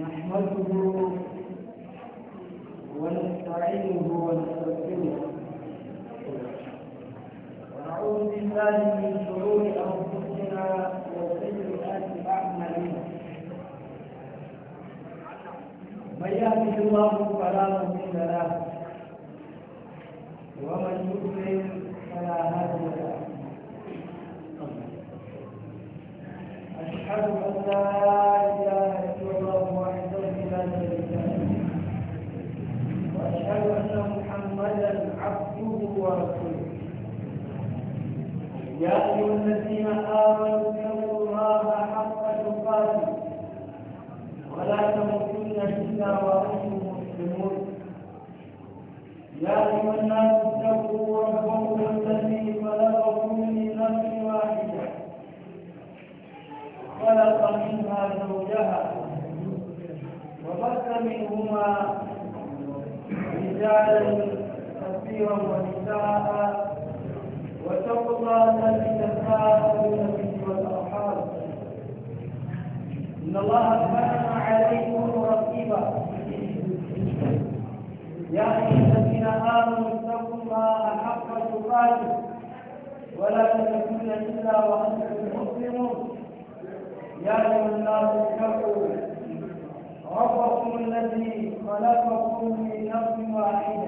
نحمده ونستعينه ونستغفره ونعوذ بالله من شرور انفسنا وسيئات اعمالنا من يهده الله فلا مضل له ومن يضلل فلا هادي له اشهد ان لا ورسوله يا أيها الذين آمنوا اتقوا الله حق تقاته ولا تموتن إلا وأنتم مسلمون يا أيها الناس اتقوا ربكم الذي خلقكم من نفس واحدة خلق منها زوجها وبث منهما رجالا كثيرا ونساء واتقوا الله الذي تساءلون به والارحام ان الله كان عليكم رقيبا يا ايها الذين امنوا اتقوا الله حق تقاته ولا تموتن الا وانتم مسلمون يا ايها الناس اتقوا ربكم الذي خلقكم من نفس واحده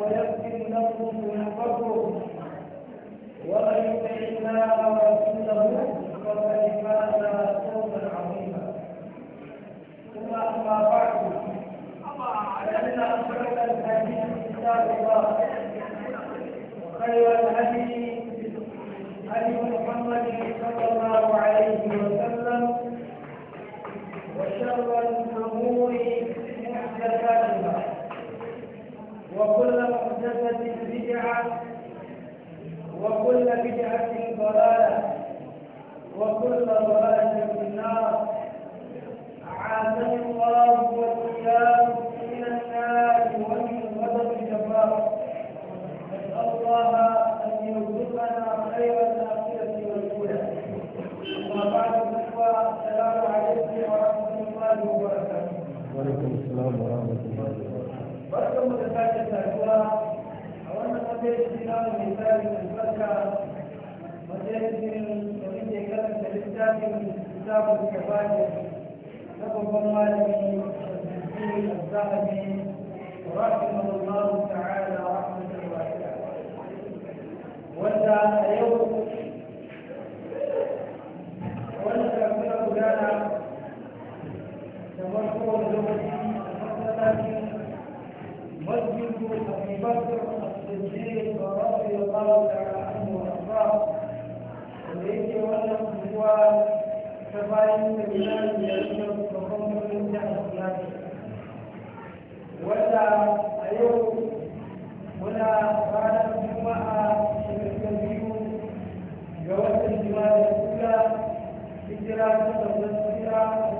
ويغفر لكم ذنوبكم ومن يطع الله ورسوله فقد فاز فوزا عظيما ثم اما بعد فان اصدق الحديث كتاب الله وخير الهدي هدي محمد صلى الله عليه وسلم وشر وكل محدثة بدعة وكل بدعة ضلالة وكل ضلالة في النار عافني الله وإياكم من النار ومن غضب الجبار نسأل الله أن يرزقنا خير الآخرة والأولى أما بعد السلام عليكم ورحمة الله وبركاته وعليكم السلام ورحمة الله وبركاته barkan mu da sake saduwa a wannan matsayin na mu mai tsari da barka matsayin domin da ya karanta littafin kitabun gabani na babban malami shazzabi azzahabi رحمه الله تعالى رحمة واسعة ولا يوم ولا كافر guda da farko da lokaci a masallaci أبي بكر رضي الله تعالى عنه وأرضاه ويجي ولد هو كفاية بلاد يشرب وقوم من أخلاقه ولا أيوم ولا بعد الجمعة شركة جواز الجمال الأولى في دراسة التذكرة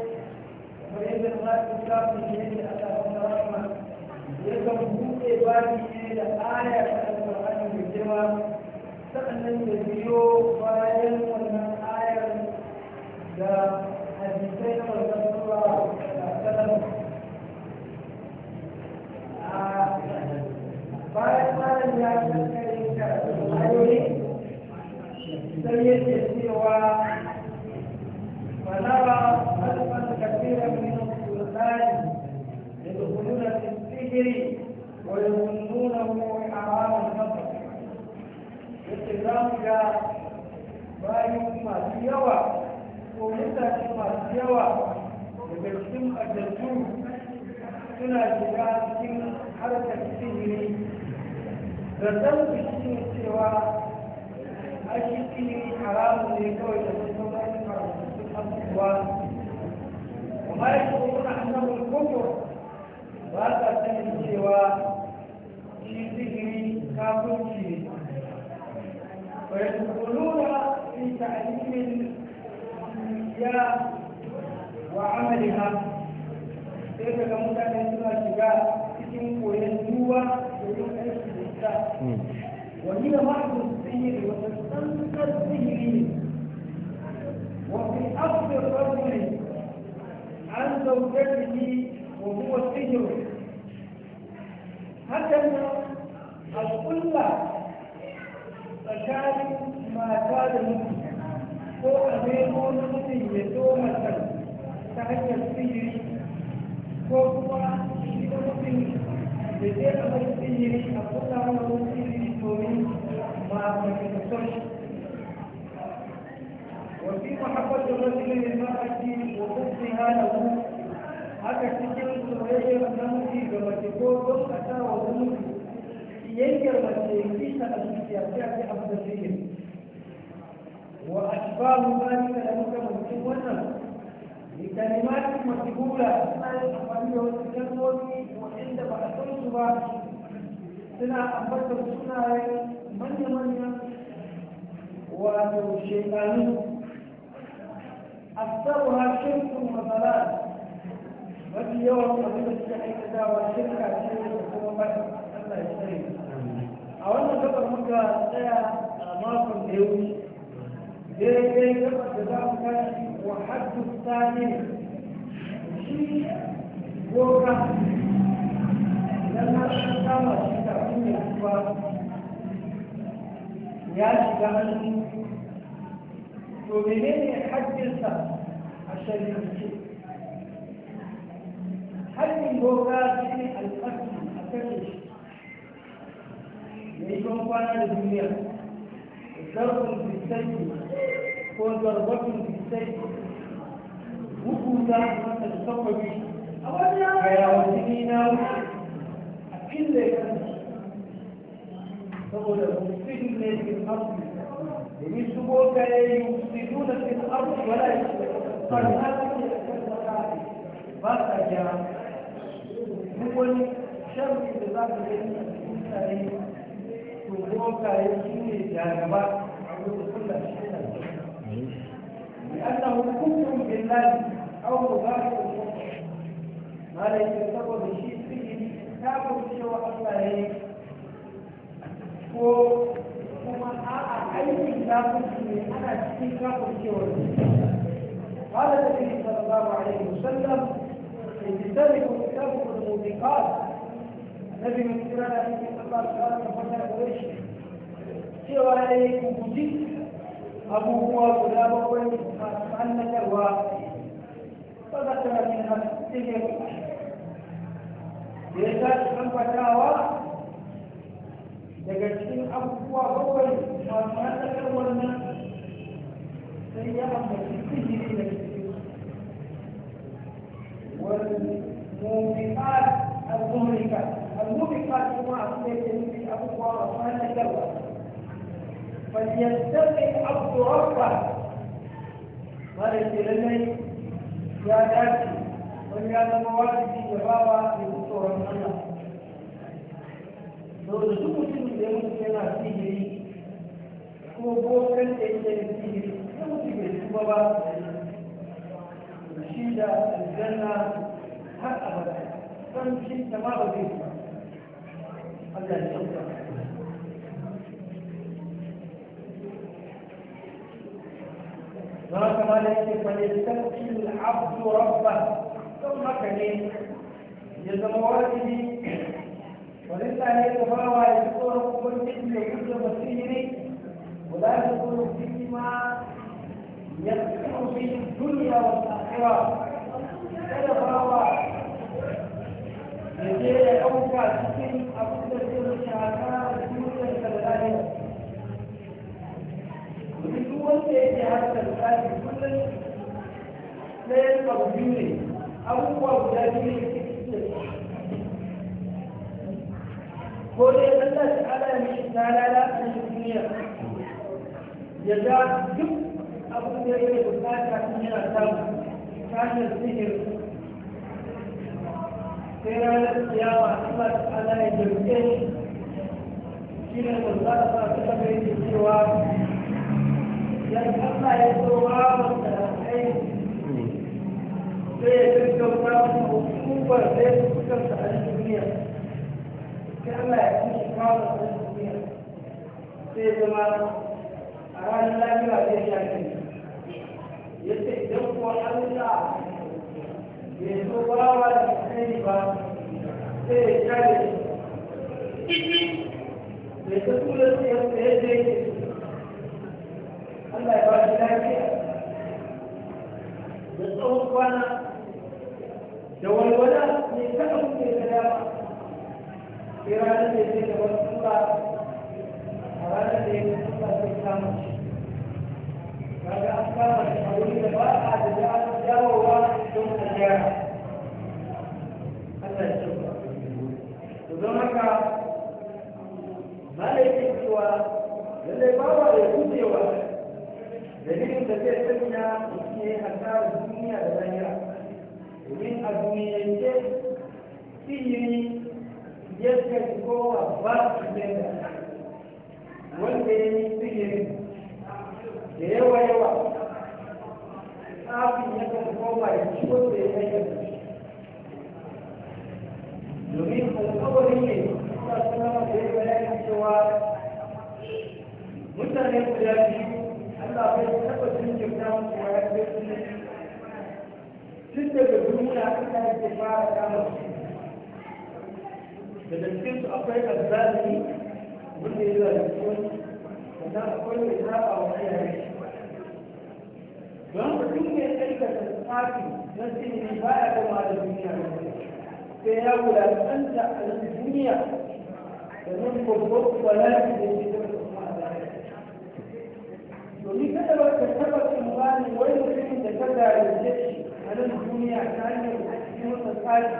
kamar yadda za ku samu ne da aka fara rahama yakan buɗe bani ne da aya ta alƙur'ani mai girma sa'annan da biyo bayan wannan ayar da hadisai na sihiri a kusa wani sihiri domin ma ta kyautar wasu mahabbar da wasu ne ba a ci wasu su hana mu haka cikin soyayyar namiji ga mace ko don a sa wa wani kiyayyar mace kisa a zuciya sai a ce abu da sihiri wa ashbahu zalika da makamancin wannan لكلمات مجهولة أسماء الأخوانية والتجمل وعند بعثوش ba. suna ambatar sunayen manya-manyan wato shekaru asabu ha shirkun matsala mafi yawan abin da suke aikatawa shirka ce da kuma mata Allah ya tsare a wannan gabar muka tsaya a makon da ya wuce daidai gabar da za mu tashi wa haddu tsani shi boka idan har an shi ya tuba ya shiga hannu to menene haƙƙinsa a shari'ance haƙƙin doka shi ne alƙarfi a kashe shi ya kwana da duniya zarfin bisaiki ko zarbatin bisaiki bugu za a masa da sakwabi a wani yawon jini na wuce fille kanki saboda mufsidin ne fil da domin su boka ya yi wala ba sa gyara wani sharri da za ka boka ya ne a kula shi ne na cewa Allah ya yi ko kuma a a aikin kafirci ne ana cikin kafircewar قال النبي صلى الله عليه وسلم اجتنبوا كتابكم الموبقات النبي من كلام صلى الله عليه وسلم cewa ya yi kukuci abubuwa guda bakwai masu annatarwa ba za ta rafi na cikin da ya tashi ambatawa daga cikin abubuwa bakwai masu haɗakar wannan sai ya ambaci sihiri da cikin wani mubi'at al-mubi'at al a kuma yake nufi abubuwa masu haɗakarwa فليستقي العبد ربه قال لي ya dace wani ya zama wajibi ya bawa tsoron Allah dole duk mutum da ya yana sihiri ko bokan da yake da sihiri ya mutu bai tuba ba shi da aljanna har abada san shi da ma ba zai tuba Allah ya tsaya ذلك ما ليس فليستغفر العبد ربه ثم كلمه ya zama wajibi ولسه يتباوى يذكر كل اسم يكتب فيه ولا يذكر فيما يذكر في الدنيا والاخره يتباوى يجي اوقع سكن ابو تسير الشهادات يوسف الثلاثه ويجي وانت اجتهاد الثلاثه كل سير مقبول ابو وابو قول Allah ta'ala ne ta lalata duniya ya ga duk abin da yake bukata sun yana samu ta hanyar sihir sai ranar ciyawa Allah ta'ala ya jirge shi ne da za a sa ta taɓa yake cewa ya Allah ya zo wa wanda aiki sai ya gaggauta kuma hukumar da ya fuskanta duniya ya kuma duniya a ya ba da ta ya wala ne kada kuke ga dama sai ranar da ya da wasu tura a ranar da ya ga tura sai kama shi kaga an kama shi a wuri da ba a da za a dawowa don a gyara Allah ya ce ba don haka malaikin cewa lallai bawa ya gujewa dalilin da zai sanya mutum ya yi hasarar duniya da lahira domin a duniyance sihiri yadda kowa ba su yadda wanda ya yi sihiri da yawa yawa tsafin ya kan koma ya ci wanda ya yadda domin alkawari ne suna suna da ya bayani cewa mutane guda biyu Allah bai taɓa cin kyauta musu ya kai tun daga duniya suka yake fara kama su daga cikin su akwai azzalimi wanda ya zuwa cikin sannan akwai mai zaɓa wa iyaye don mutum ne aikata tsafi na sinini ba ya kama da duniya sai ya wulaƙanta a nan duniya da nan babban bala'i da ya ke domin kada ba ka taɓa tsammanin wani mutumin da ka zalunce shi maganganun duniya ta hanyar cikin wata tsari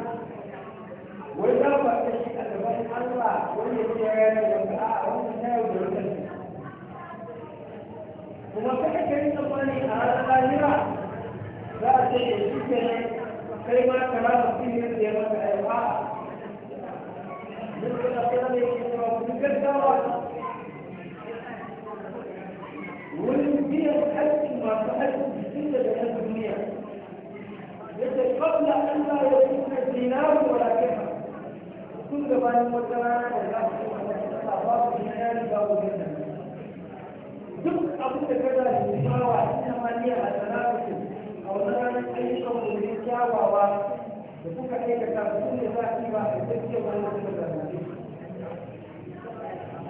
wai za ba ta shi a gaban Allah wani ya ce ya yi wanda a wani ta yau da wata kuma ta kake yin tsammani a ranar lahira za a ce ya shi ke nan kai ma ka rasa sihiri da ya maka aiwa duk da kuma da yake cewa kuma gaggawa wurin biyan haƙƙin masu haƙƙin da da yadda da an la ya kuna dinaru wala kema tun gabanin wata rana da za su kuma wata kasa ba su dinari ba ku dinna duk abin da kaza da musawa ina ma ne a sana'atu a wani ranar ayyukan mu ne kyawawa da kuka aikata su ne za su yi ba a tsakkiyar wani kuma da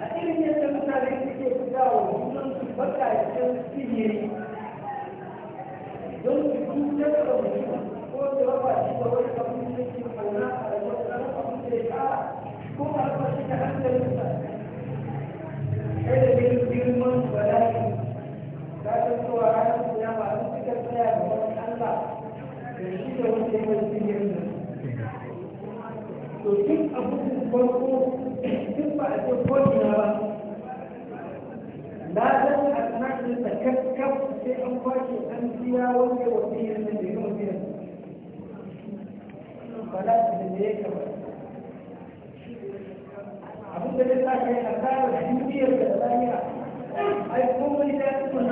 a irin yadda mutane suke fita wa junan su bakakken sihiri don su cutar da mutum لا تسمع تكفكف في أنفاس الأنبياء والوفية من دون ba za su da ya kama abin da ta sa kai a tsara duniyar da tsariya yi kuma wani ta kuma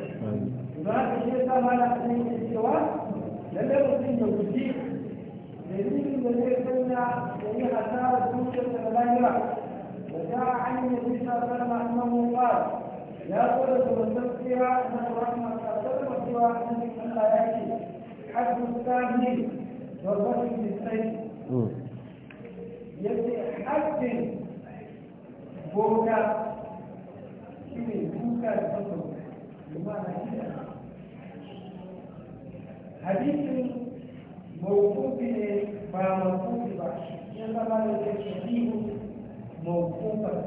za ka shi sa ma na cewa da cewa lalle mutum ya guji dalilin da zai sanya da yi hasarar zuciyar da lahira da ta hanyar bisa salama annahu qala ya kula da wasasiya na rahmat ta sallama cewa annabi Allah ya ce haddu sahi wa qatl bisayf hmm. yace haddin boka shi ne duka da kuma hadisin mawqufi ne ba mawqufi ba ya zama da ke shahihu mawqufan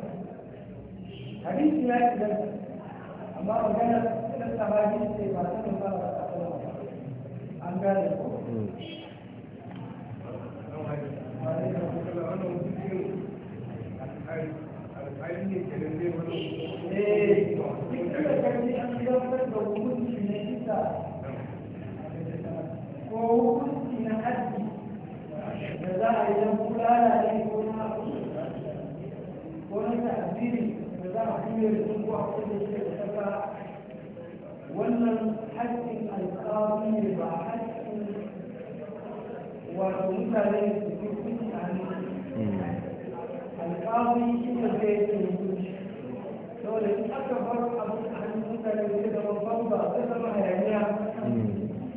hadisi ya yi zanta amma magana ta sahabi ne ba ta nuna ba ta kuma an gane ko eh, alƙali ne ke da zai wani haddi da za a yi don kulala ne ko na ko na ta'aziri da za a fiye da sun kuwa ko da shi da saka wannan haddin alƙawari ne ba haddin wato mutane su fi kuɗi a hannu alƙawari shi ne zai yi hukunci saboda in aka bar abin a hannun mutane da zama bamba zai zama hayaniya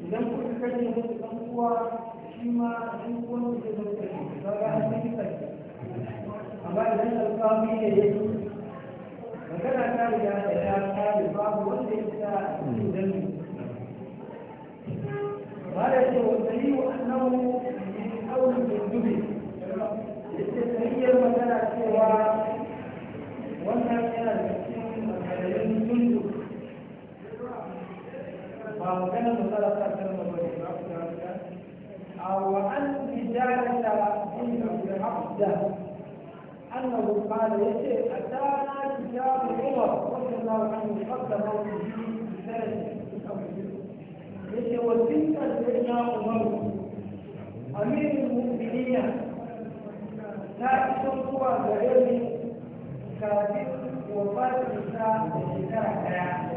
idan kuka kashe musu ɗan uwa shi ma duk wanda zai zama ba ga an yi kashi amma idan alƙawari ne ya zo magana ta riga da ya kare babu wanda ya sa cikin ba da ce wanda yi wa annabu min kaunin da dube yake tsayyar magana cewa wannan yana da cikin magana yin dundu ba magana da sarrafa sarrafa أو أن رسالة ابن حمزة أنه قال يسير أتانا كتاب عمر رضي الله عنه قدم به يسير وتلك سيدنا عمر أمير المؤمنين نائب هو غير كاتب وفاة نساء الشكاية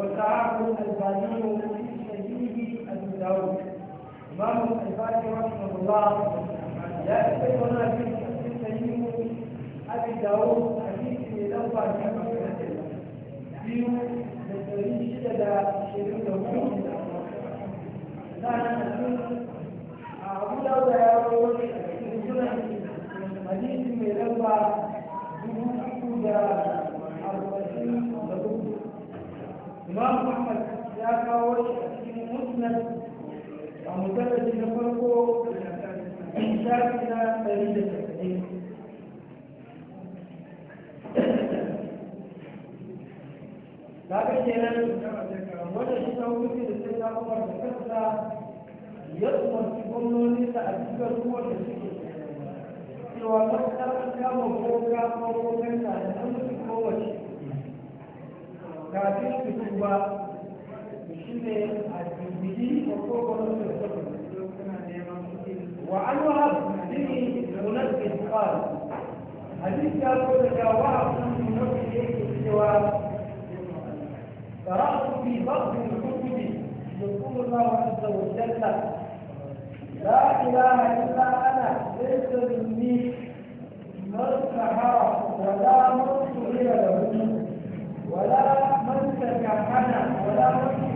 والتعاقل الألباني في شهيه أبي داود إمام الألباني رحمه الله لا يستيقظ في شهيه أبي داود حديث كما الأول في التاريخ شدد شهيه داود أبو داود في سنه حديث من الأول imam ahmad ya kawo shi a cikin musnad a musallaci na farko shafi na ɗari da saba'in kaga kenan wanda shi ta wuce da sai na umar da kansa ya umarci gwamnoni da a cikin ruwan da suke cewa masu kama ko kama ko kanta da an kowace kafin fituwa shi وعن وهب بن منبه قال حديث يقول لك وهب الجواب قرأت في بعض الكتب يقول الله عز وجل لا إله إلا أنا ليس مني من سحر ولا من ولا من تكهن ولا من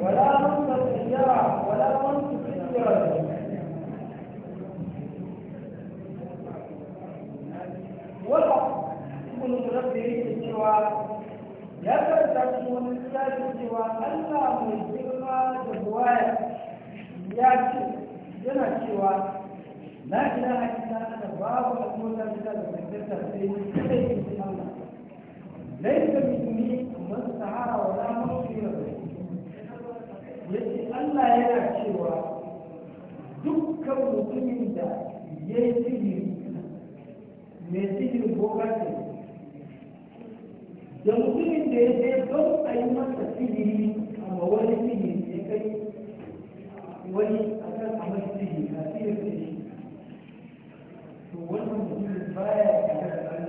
ولا من تطير ولا من تطير والحق يكون متنبه سوى ya karanta shi da lissafi cewa Allah mai girma da buwaya ya ce cewa na ina hakika da babu al'ummar da ta da mai tattar sai ne sai ليس minni man sahara wa la mafsira yace Allah yana cewa dukkan mutumin da ya yi sihiri mai sihiri boka ce da mutumin da ya je don a yi masa sihiri a wani sihiri ya kai wani akan a masa sihiri a sihiri to wannan mutumin baya ya kasance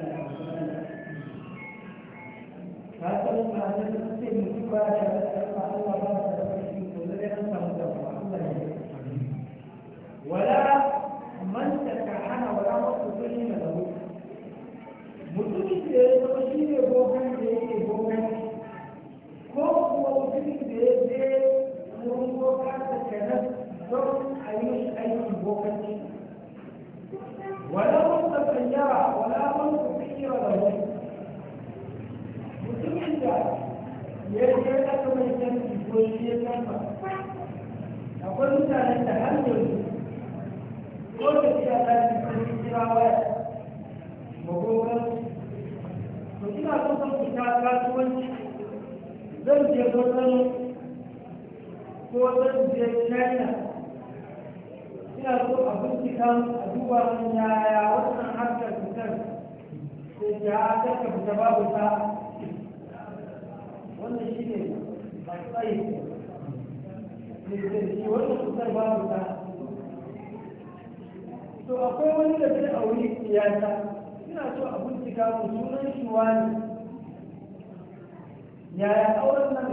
haka da ba da su wuta wannan shi ne ba tsayi ne shi wannan kusan ba wuta to akwai wani da zai auri siyasa ina so a bincika mu sunan shi wani yaya auren nan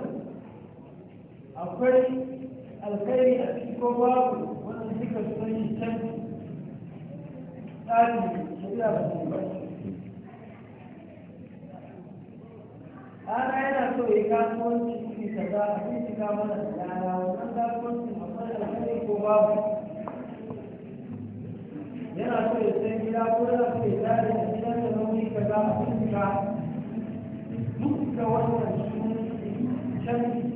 akwai alkhairi a cikin ko babu wannan duka sunan shi can tsarin shari'a ba ba ana yana so ya kasuwanci shi ka za a bincika mana da yana wannan kasuwanci akwai alhari ko babu yana so ya san gida ko da so ya tare da gidan da nauyi ka za a bincika duk da wannan shi canji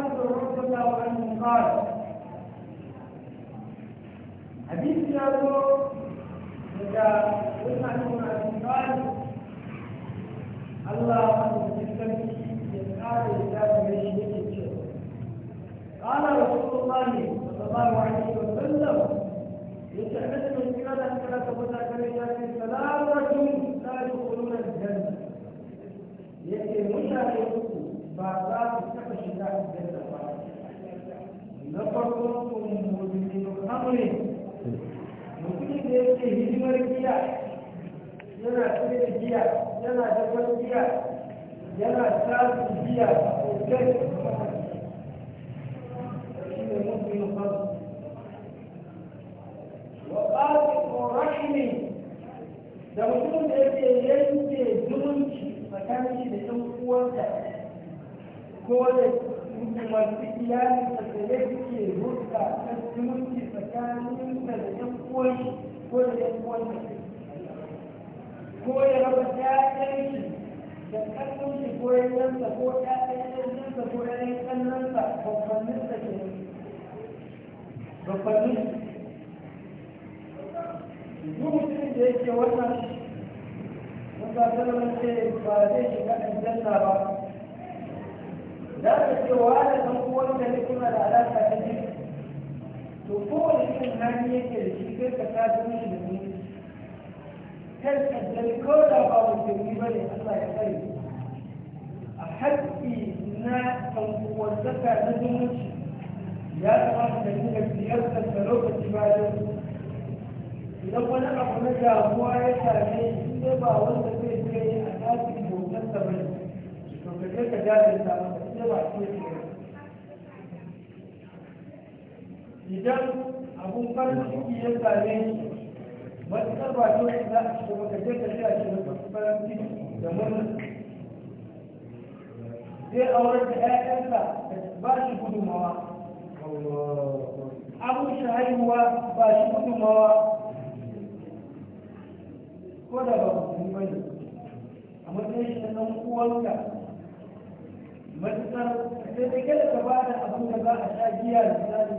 انس رضي الله عنه قال babbannin da ke babbannin duk mutumin da yake wannan wanda zama ce ba zai shiga aljanna ba za ka ce wa da ɗan uwan da ne kuna da alaƙa da ne to kowane irin hali yake da shi kai ka ta zama shi da ne ka kaddari kawai da ba musulmi ba ne Allah ya tsare a haƙƙi na kankuwantaka na zumunci ya kamata da dinga ziyartar da lokaci bayan idan wani abu na damuwa ya same shi ne ba wanda zai je yi a tasiri bautar sa bane to ka je ka jaje ta masa ba ce ce idan abun farin ciki ya same shi matuƙar ba za a shiga ka je ka je a farin ciki da murna zai aurar da ƴaƴansa da ba shi gudunmawa abin shi haihuwa ba shi gudunmawa ko da ba musulmi ba ne a matsayin shi na ɗan uwanka matuƙar sai dai kada ka ba da abin da za a sha giya da misali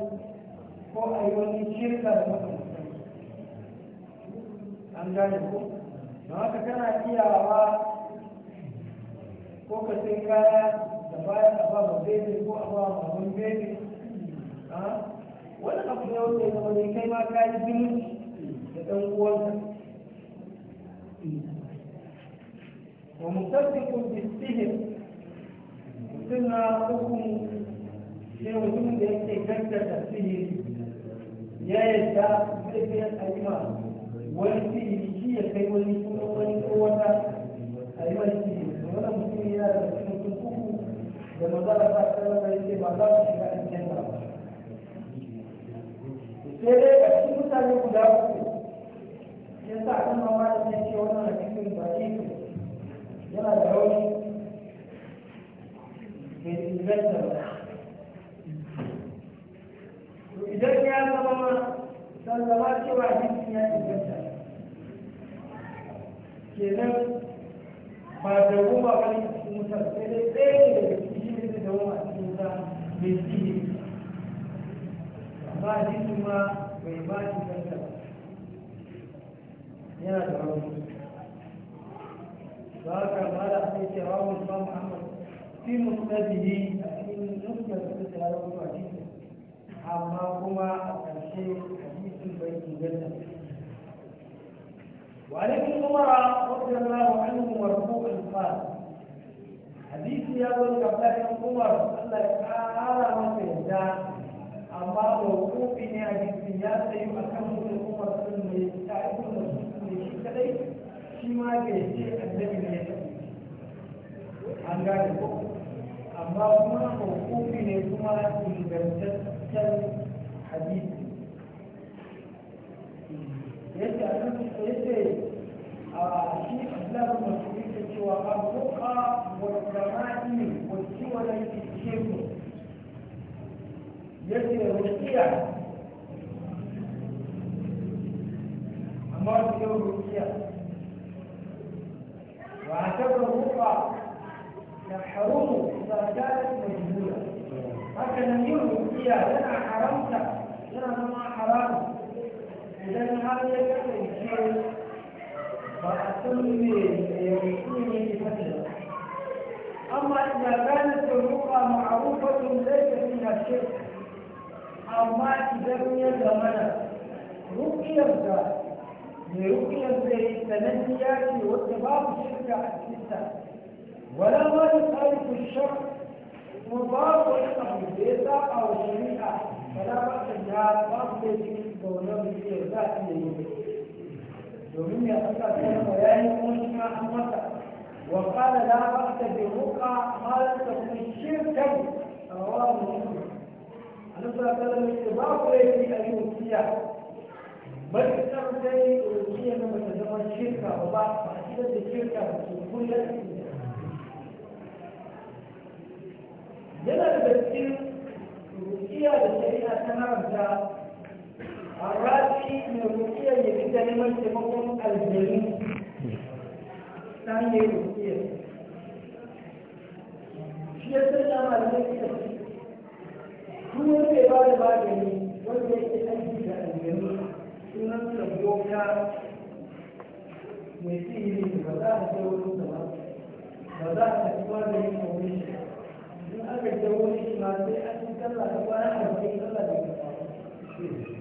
ko a yi wani shirka da makamantan an gane ko don haka kana iyawa ko ka sai kaya da bayan a ba ma bebe ko a ba mun wani bebe ah, wani abu ne wanda ya zama ne kai ma ka yi zumunci da ɗan uwanka wa musaddiqun bisihr mutum na uku sai mutum da yake da sihi ya yadda zai fiye a wani sihiri shi ya kai wani kuma wani ko wani da manzala ta sallama yake ba za su shiga aljanna ba sai dai a cikin mutane guda uku ya sa kan mama da ta ce wannan hadisin ba yana da rauni bai inganta ba idan ya zama a cewa hadisin ya inganta kenan ba da ruwa wani مثلهم ثالثهما وإمام فلسفة يا دعوة ذاك ما لا أتيت رواه الإمام أحمد في مسنده أن نسبة مثل هذا الحديث أما هما الشيء حديث بيت الجنة وعن ابن عمر رضي الله عنه مرفوعا قال hadisi ya zo daga Abdullahi Umar Allah ya kara masa yadda amma mawqufi ne a jikin ya a kan mutum Umar sun ne ta da Mas'ud ne shi kadai shi ma bai ce annabi ne ya an gane ko amma kuma mawqufi ne kuma ingantaccen hadisi yake a kan yace a shi Abdullahi Mas'ud والرقى والكمائم والسول الشرك يجري الرقية أمر يوم الرقية وعتبر الرقى تحرمه إذا كانت مجهولة هكذا يوم الرقية لنا حرمت لنا ما حرام إذا هذا يكفي الشرك أما إذا كانت الرقى معروفة ليست من الشرك أو ما كنت زمنا رقي الزاد لرقي الزيت تنسيات واتباع الشرك الستة ولا ما يخالف الشرك مضاف ويصحب بيتا أو شريعة فلا بأس بها بأس بيتك دولة ذات يومي ومن يقصد كلمة ياهل أمسك وقال لا وقت برقى خالصة في الشركة الله مسلم أنا صلى الله عليه وسلم اتباق بل أكثر شيء أوصي أن متجمع الشركة وبعض فحسبة الشركة في كل شيء. جنرال بسيط أوصي على Indonesia jadi jaringan demokrasi Algeria. Tanya Rusia. Siapa yang Algeria? Dua lebar lebar ini, boleh kita lihat di sini. Tunas lembaga mesti ini berada di seluruh tempat. Berada di seluruh Indonesia. Jangan berjauh di sini, ada asal lah, ada asal lah di sini.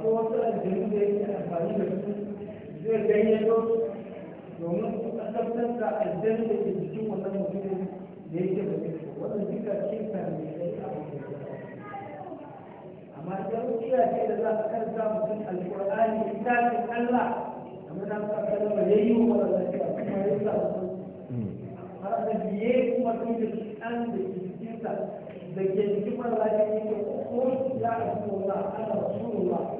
akwai wasu aljanu da yake amfani da su zai gayyato domin kasabtar da aljanu da ke jikin wannan mutumin da yake da su wannan duka ce tarbiyyai a amma idan iya ce da za a karanta mutum alƙur'ani littafin Allah kamar na sa kalma yayi wa wanda ke kuma yayi sa har da biye kuma tun da an da jikinsa da ke jikin mara lafiya yake ko ya rasulullah ana rasulullah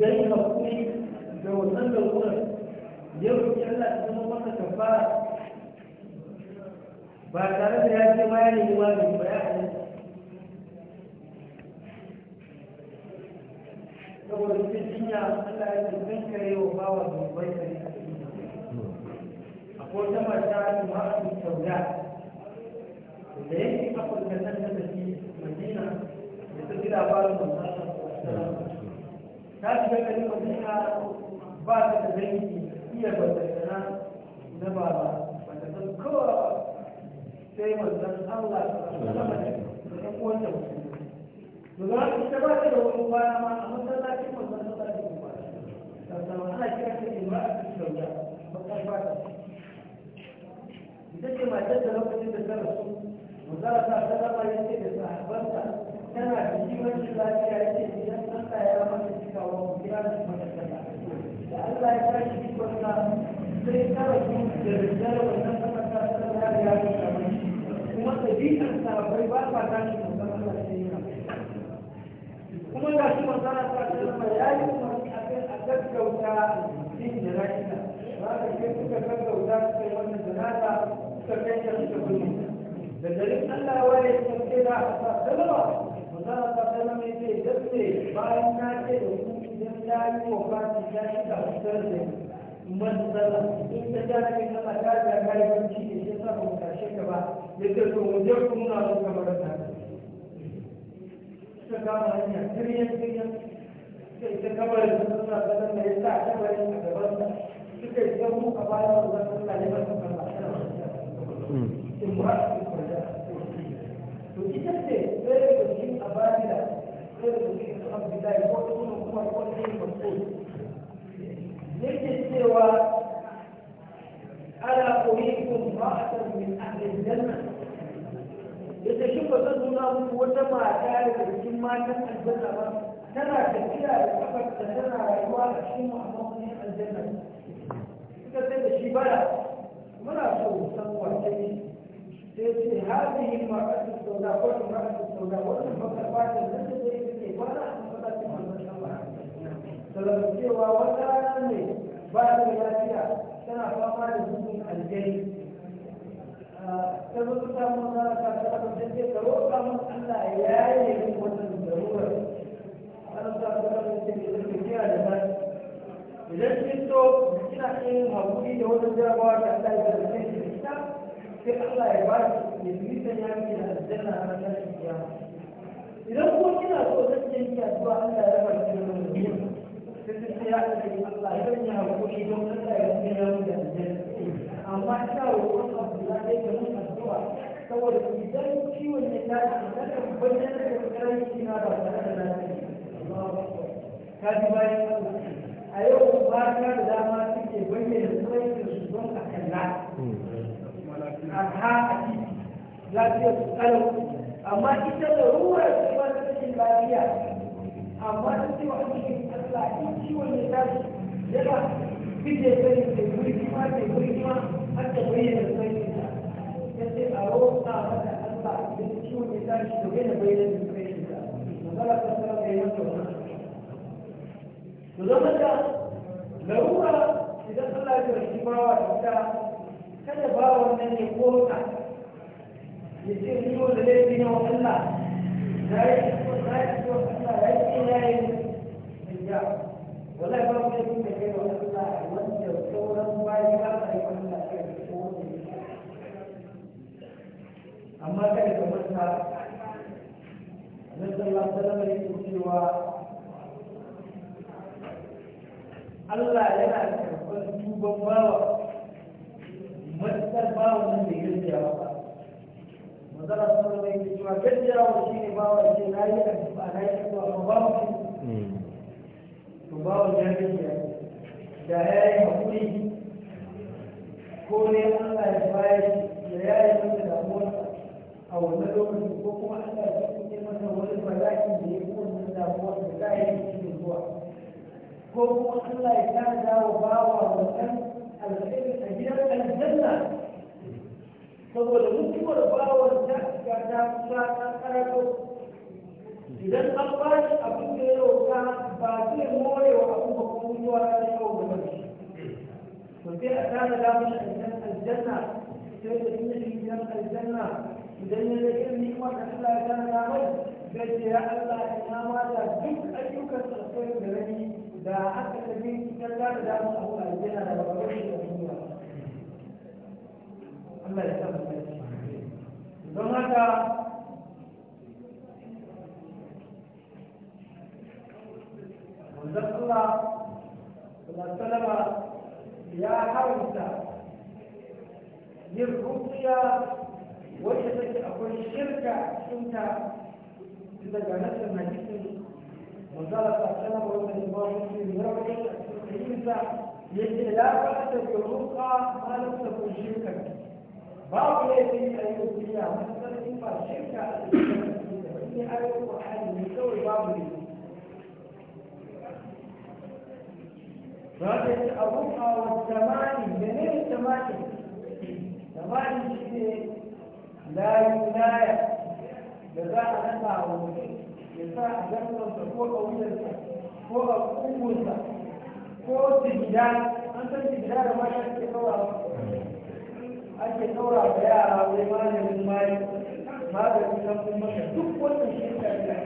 ya yi hakuri da wannan lalurar ya roƙi Allah ta zama masa kafara ba tare da ya ce ma ya nemi magani ba ya ba. saboda ita jinya Allah ya ce kan kare wa bawa zubai kare akwai ta mata ma'azu sauda da yake afirka ta tafi madina da ta gida ba da mutane ta shiga garin madina ba ta da yi iya bazzana na baba ba ta san kowa sai manzan Allah da sama da ba za ta ba ta da wani kwana ma a da ta ba a cikin sauya ba ta ba ta da lokacin da ta rasu manzan ta da sahabanta tana da shi lafiya yake idan Allah ya mata وهم كانوا متسلسلين لئلا kuma ga shi magana ta ce ya yi umarni a kan a gaggauta yin jana'iza ba ta suka da garin Allah ya ce manzara ta sanar mai ce gaske bayan na ce da ku idan ta yi wa fasi ta shi da fitar da manzara in ta ta ne na mata da kare kunci da shi sa ba kashe ka ba ya ce to mu je ku nuna mu kamar ta ta kama hanya kiryan kiryan sai ta kamar da suna sanar mai sa ta bari a ta suka yi gabu a bayan ta sallah ne ba su ta tana wani ta ta ta ta ta ta ta ta النوافل غير المشرك بحمد الله يكون هو كل شيء مفقود ليس سوى ألا أريكم امرأة من أهل الجنة يتشوف تنظر وتما تعرف cikin matan aljanna ba tana tafiya da kafar da tana rayuwa a cikin ma'amanin aljanna suka sai da shi bara muna so san wace ne سيدي هذه المرأة السوداء والمرأة السوداء والمصطفات التي تجري ولا تفضل saboda cewa wata rana ne ba ta da lafiya tana fama da hukun aljai ta zo ta samu na ta ta ta ta ce ka roƙa mun Allah ya yi min wannan darurar ana ta ta ta ce ne da kira da ba idan kin so kina yin hakuri da wannan jarabawa ta Allah ya sai Allah ya ba shi ya yi ta ya ke da aljanna a ranar idan kuma kina so zan je ki addu'a Allah ya raba ki da mutum sai sai ya ce Allah ya yi hakuri don Allah ya yi ya mu da aljanna amma ina roƙon Abdullahi da mun addu'a saboda idan ciwon ya tashi na kan bayyana da karanci na ba tare da lafiya ka ji bayan a yau ba ka da dama suke bayyana tsayin su don a kalla alha a titi lafiyar su kalau amma ita da ruwa ce ba ta cikin lafiya amma ta ce wa cikin Allah in ciwon ya tashi yana fice sai da wuri ma da wuri ma har da bayyana sai ta yace a roƙa mata Allah in ciwon ya tashi to yana bayyana sai ta magana ta sara da yanzu to zama da larura idan Allah ya karshi bawa ta kada ba wannan ya ta, ya ce ni ko da laifi na wa Allah na yi ko na yi ko Allah ya yi na yi ya wala ba mu da kuma kai wa Allah wanda sauran bayi ba a yi Allah kai ko amma kada ka manta Annabi sallallahu alaihi Allah yana karɓar tuban bawa matsar bawa nan da gajiyawa ba mazara sun zama yake cewa gajiyawa shi ne bawa ce na yi addu'a na yi bawa ne to ya gajiya da ya yi haƙuri ko ne Allah ya bayar da ya yi a ko kuma kuke masa wani da ya damuwar da za a yi cikin zuwa ko kuma Allah ya bawa wannan alheri gidan aljanna saboda mutuwar bawon ta ga ta ta karatu idan an ba shi abin da ya roƙa ba zai more wa abin ba kuma mutuwa ta yi kawo gaba shi to sai a tana da mashi aljanna aljanna sai da inda shi gidan aljanna idan ya da irin nikma da Allah ya tana da mai zai ce ya Allah ina ma da duk ayyukan sarfai da rani da haka ta bin ta tana da mashi abu aljanna da ba ba shi Allah ya samu dace don haka manzon Allah sallallahu ya haramta yin rukiya wacce take akwai shirka cikinta daga nasin hadisin manzala sallallahu alaihi wasallam wanda ne ba shi ne rawaye a cikin sa yake la ta ruqa ma lam takun shirka babu ne sai ya yi duniya matakar in ba shirka a cikin da ya ko a ne kawai babu ne Rabe shi abu a wani jama'i da ne da jama'i jama'i shi ne layu naya da za a nasa a wani ya sa a gasarsa ko a wuyarsa ko a kungunsa ko tijjiyar an san tijjiyar da mata suke kawawa ake saura da yara wai malamin mali maganin kan kuma duk wannan shi ta da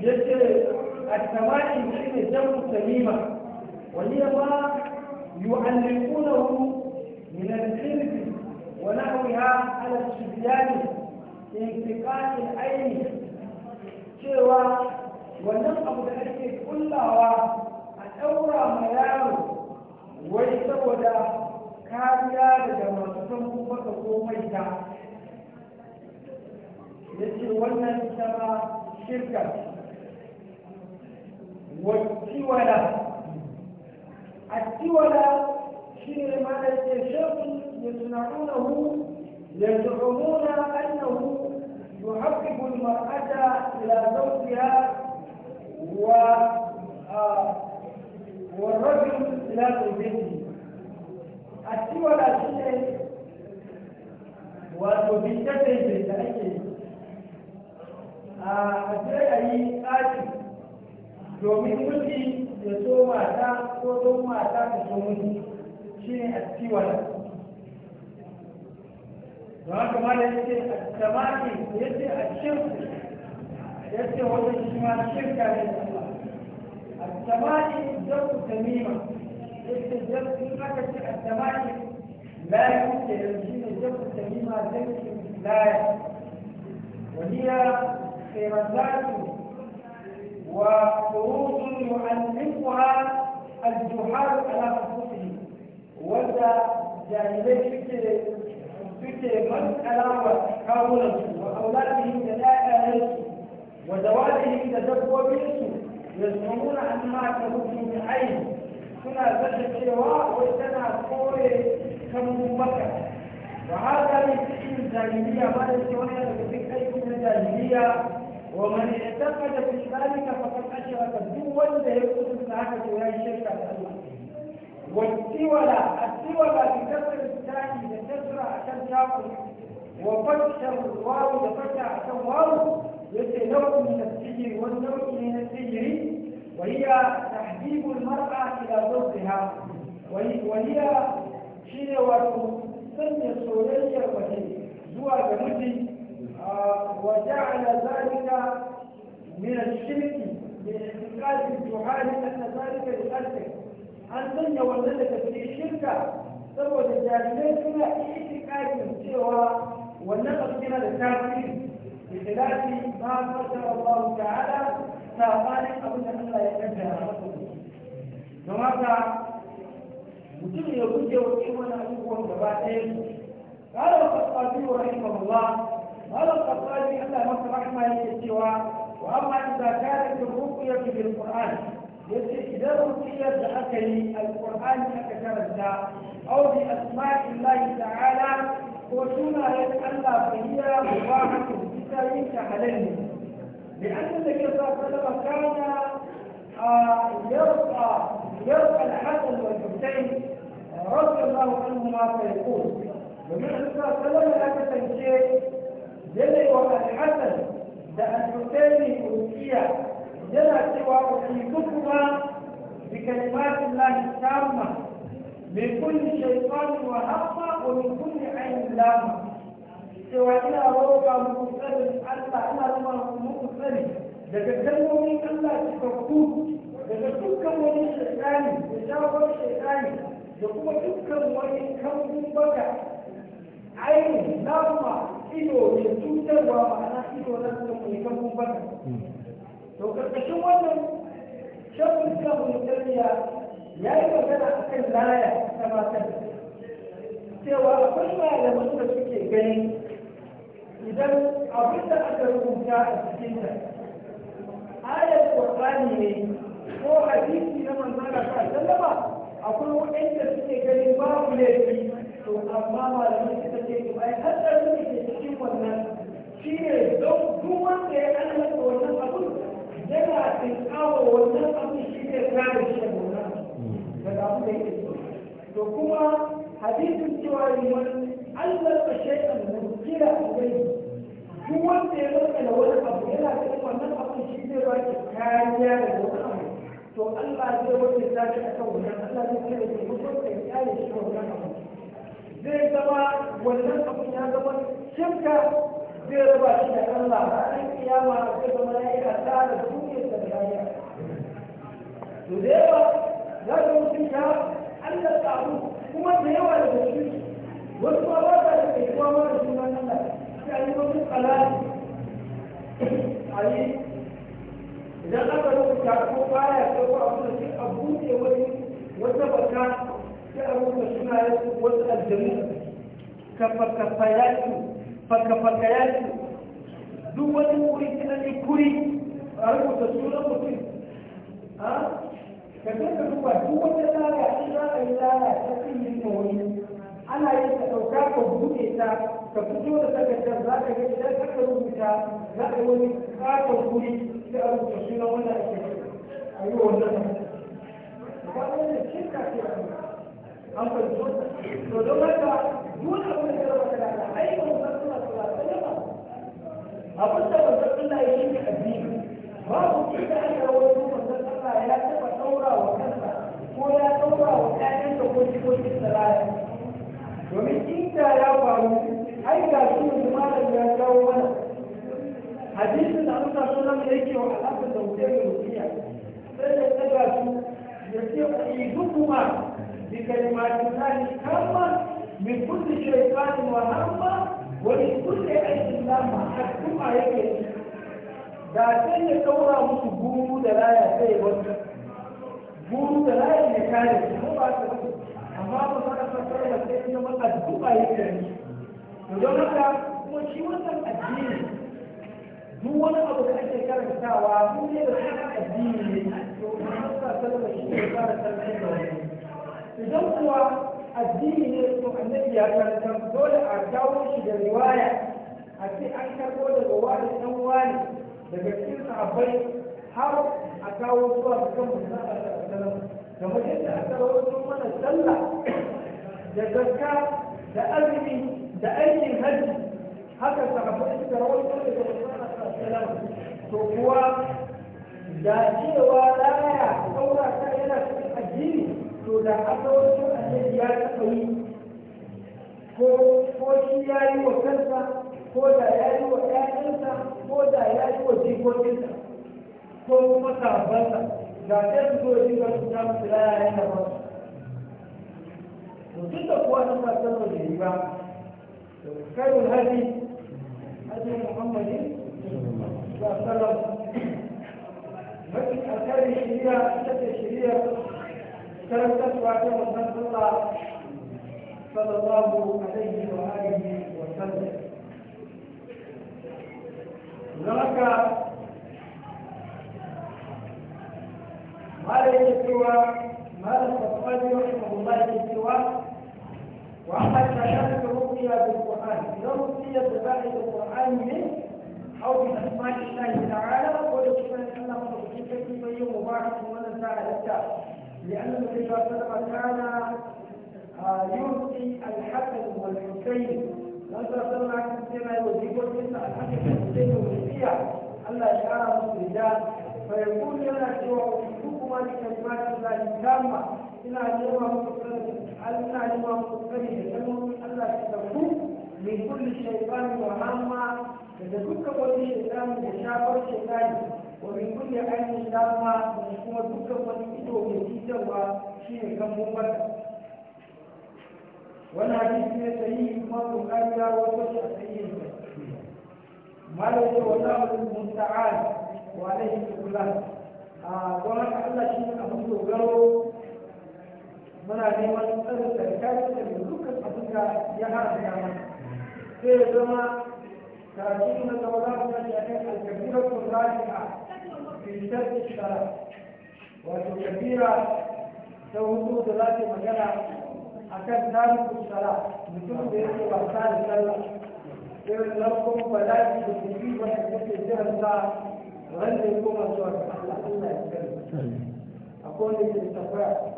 ya ce a tamanin shi ne jamus tamima wani ma يعلقونه من الخلف ونحوها على الصبيان انتقاء العين cewa wannan abu da ake kullawa ɗaura ma yaro wai saboda kariya daga masu san kuma ka komai ta ya ce wannan ita ma shirka wattiwala attiwala shi ne ma da ke shafi ya tunanunahu يزعمون أنه يحبب المرأة إلى زوجها و والرجل لا تبني السوى shi ne wato bincike da ake yi a sai a yi domin mulki ya so mata ko so mata ta so mulki shi ne a ciwala don haka ma da yake a tamaki yake a shirku yake wata shi ma shirka ne a tamaki الجو تميما ليس الجو فيما تشاء الثمانية لا يمكن أن يكون الجو تميما ذلك الولاية وهي خيرات وفروض يؤلفها الجهال على أنفسهم وذا جاهلين فكر فكر من ألا وحاولهم وأولادهم لآلهم ودوالهم تدبر بنسوا يزعمون ان ما أنها من عين هنا ذلك الشواء وإننا قوي بكى وهذا من فكر الجاهلية ما يستوعب في أيكم الجاهلية ومن اعتقد في ذلك فقد أشرك الدول ليكون الساعة ولا شرك الله والسولة السولة بكسر الثاني بكسر عشان شاطر وفتح الواو بفتح عشان واو يجري نوع من السجن والنوع من السجن وهي تحبيب المرأة إلى زوجها وهي شيء وتو سنة سورية وهي زوى جمجي آه، وجعل ذلك من الشرك باعتقاد الجهال أن ذلك لأجله أن سنة ولدك في الشركة سوى الجاهلين إلى اعتقاد سوى ونقص من الكافرين بخلاف ما قدر الله تعالى فغالب أو أن لا يكفي هذا mutum ya guje wa kiwon abubuwan gaba ɗaya su kala kasafi wa rahimahullah kala kasafi allah masa rahma yake cewa wa amma idan da ke ruku ya fi bil qur'an yace idan ruku ya da aka yi al qur'an ya ka karanta aw bi asma'illahi ta'ala ko tuna ya allah fahiya wa rahmatuh ذلك عليه لأن النبي صلى الله عليه وسلم كان آه، يرقى يرقى الحسن والحسين رضي الله عنهما فيقول ومن صلى الله عليه وسلم هذا الشيء يلي الحسن ده الحسين أوتي لنا سوى أحيطكما بكلمات الله التامة من كل شيطان وهمة ومن كل عين لامة cewa ina roƙa muku tsarin Allah ina zama muku tsari daga kalmomin Allah cikakku daga dukkan wani shekani da shawar shekani da kuma dukkan wani kambun baka aini lamma ido mai cutarwa ma'ana ido na mai kambun baka to karkashin wannan shafin shafin tsariya ya yi magana a kan laya ta matan cewa akwai malaman da suke gani idan abin da aka rubuta a cikin ta ayar qur'ani ne ko hadisi na manzon Allah sallama akwai waɗanda suke ganin babu laifi to amma malamai suka ce to ai hadarin da ke cikin wannan shi ne don duk wanda ya allaka wannan abu yana tinkawa wannan abin shi ne kare shi da wannan daga abu da yake to kuma hadisin cewa liman allaka shay'an min kira a duk wanda ya zama da wani abu yana ganin wannan abu shi zai ba ki kariya da wani abu to Allah zai wani zafi a kan wannan Allah zai kira ki mutum da kare shi wannan abu zai zama wannan abu ya zama shirka zai raba shi da Allah a ranar kiyama zai zama ya yi ta da duniyar da rayuwa to da yawa za ka mutunta Allah kuma da yawa da cikin wasu ba ba ta da kuma mara nan da sai a yi wasu tsalati a yi idan aka rubuta ko baya ko ko abu da sai a buɗe wani wata baka sai a rubuta sunayen wasu aljanu kafa-kafa yaki faka-faka ya yaki duk wani wuri ne kuri a rubuta sunan mutum ka zai ka duba duk wata lalata a za a yi lalata kan yin wani ana yin ka ɗauka ka buɗe ta ka fito da takardar za ka ga idan aka rubuta za a yi wani ƙaton guri sai a rubuta sunan wanda ake a yi wannan ba wannan shirka ce a an fahimta to don haka dole abin da ya rubuta da aikin suna suna sallama abin da ba zan suna yi shi addini babu inda aka rawaito manzon Allah ya taɓa ɗaura wa kansa ko ya ɗaura wa ƴaƴansa ko jikokin sa domin inda ya faru ai ga shi ne malam ya kawo mana hadisin da an sasu nan yake wa alaƙar da mutum ya rufiya sai ya tsaga su ya ce a yi dukuma bi kalimatin lahi kama min kulli shaytanin wa hamma wa min kulli aikin lama hakuma yake da sai ya daura musu guru da laya sai wani guru da laya ne kare su ba su amma ba za a san kai da sai zama addu'a yake yi to don haka kuma shi wannan addini duk wani abu da ake karantawa in dai da sunan addini ne to Muhammad sallallahu alaihi da shi ne fara sallar da wani idan kuwa addini ne to annabi ya karanta dole a kawo shi da riwaya a ce an karbo daga wani dan wani daga cikin sahabbai har a kawo zuwa ga kan mutum sallallahu da wasallam kamar yadda aka rawaito mana sallah da zakka da azumi da aikin hajji haka sahabbai suka rawaito daga Usman sallallahu alaihi to kuwa da cewa laya saura ta yana cikin addini to da aka rawaito annabi ya taɓa yi ko ko shi ya yi wa kansa ko da ya yi wa ƴaƴansa ko da ya yi wa jikokinsa ko kuma sahabbansa ga sai su zo shi ga su samu su laya yayin da ba to duk da kuwa nan ba san da yi ba to kai mun hadi hadi muhammadi sallallahu alaihi wasallam mafi alkhairi shari'a ita ce shari'a karantarwa ta wannan sallah sallallahu alaihi wa alihi wa sallam don haka قال يسوى مال الصفاني رحمه الله يسوى وأحد مشاهد رؤيا بالقرآن إذا رؤيا بباقي القرآن منه أو من أسماء الله تعالى ولكن أنه مخصوصا في مبارك ونزع لك لأن النبي صلى الله عليه وسلم كان آه، يؤتي الحسن والحسين نزل صلى الله عليه وسلم يجيب الحسن الحسن والحسين والحسين الله يشعر من رجال فيقول لنا سوى kuma da kalmati Allah tamma ina nema muku tsari ina nema muku tsari da kalmomin Allah su ku? min kulli shaytani wa hamma daga dukkan wani shaytani da shafar shaytani wa min kulli ainin lamma da kuma dukkan wani ido mai cutarwa ne kan barka wani hadisi ne sahihi kuma bukari ya rawaito shi a wa a kwanar allah shi a mun dogaro muna neman tsarin da ta yi da abin da ya hana ya sai zama karatu na zama za su kashe ne a kabirar a fitar da shara wato kabira ta hudu da za ta magana a kan tarin kusara mutum da yake wasa da tsalla irin lafkon ba kuma da da kuma da kuma da kuma da kuma da kuma da da kuma da kuma Allah ya akwai wanda yake da tambaya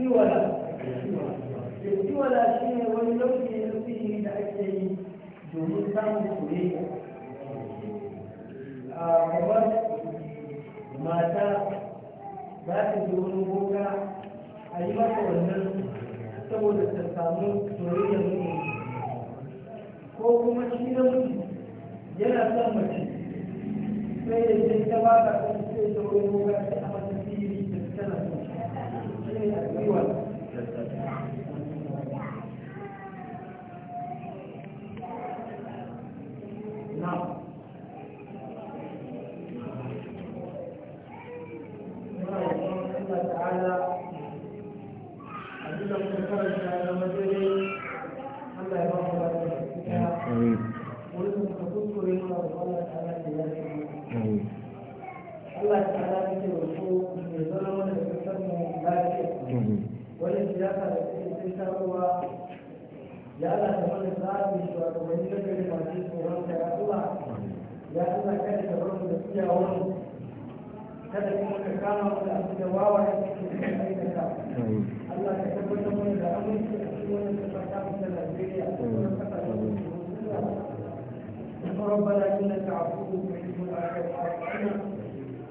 siwala siwala shi ne wani nau'i na sihiri da ake yi domin samun kure a kamar mata ba ta ji wani boka a yi masa wannan saboda ta samu soyayyar mutum ko kuma shi na mutum yana son mace sai da ta ba ta kan sai ta wani boka sai a mata sihiri da tana son ẹ̀ ji tsoron ka ya Allah ya Allah kada ka bar mu da iyawar kada kuma ka kama mu da abin da wawa ya ke aikata Allah ka tabbatar mana da aminci a cikin wannan kasa ta ta ربنا انك عفو تحب الاخره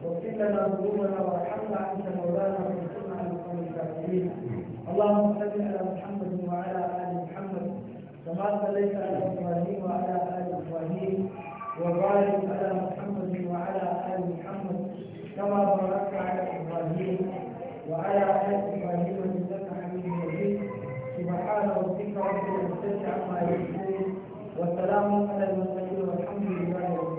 واغفر لنا ذنوبنا وارحمنا انت مولانا وانصرنا على القوم الكافرين اللهم صل على محمد وعلى اله كما صليت على ابراهيم وعلى ال ابراهيم وبارك على محمد وعلى ال محمد كما باركت على ابراهيم وعلى ال ابراهيم انك حميد مجيد سبحان ربك رب العزه عما يشركون وسلام على المرسلين والحمد لله رب العالمين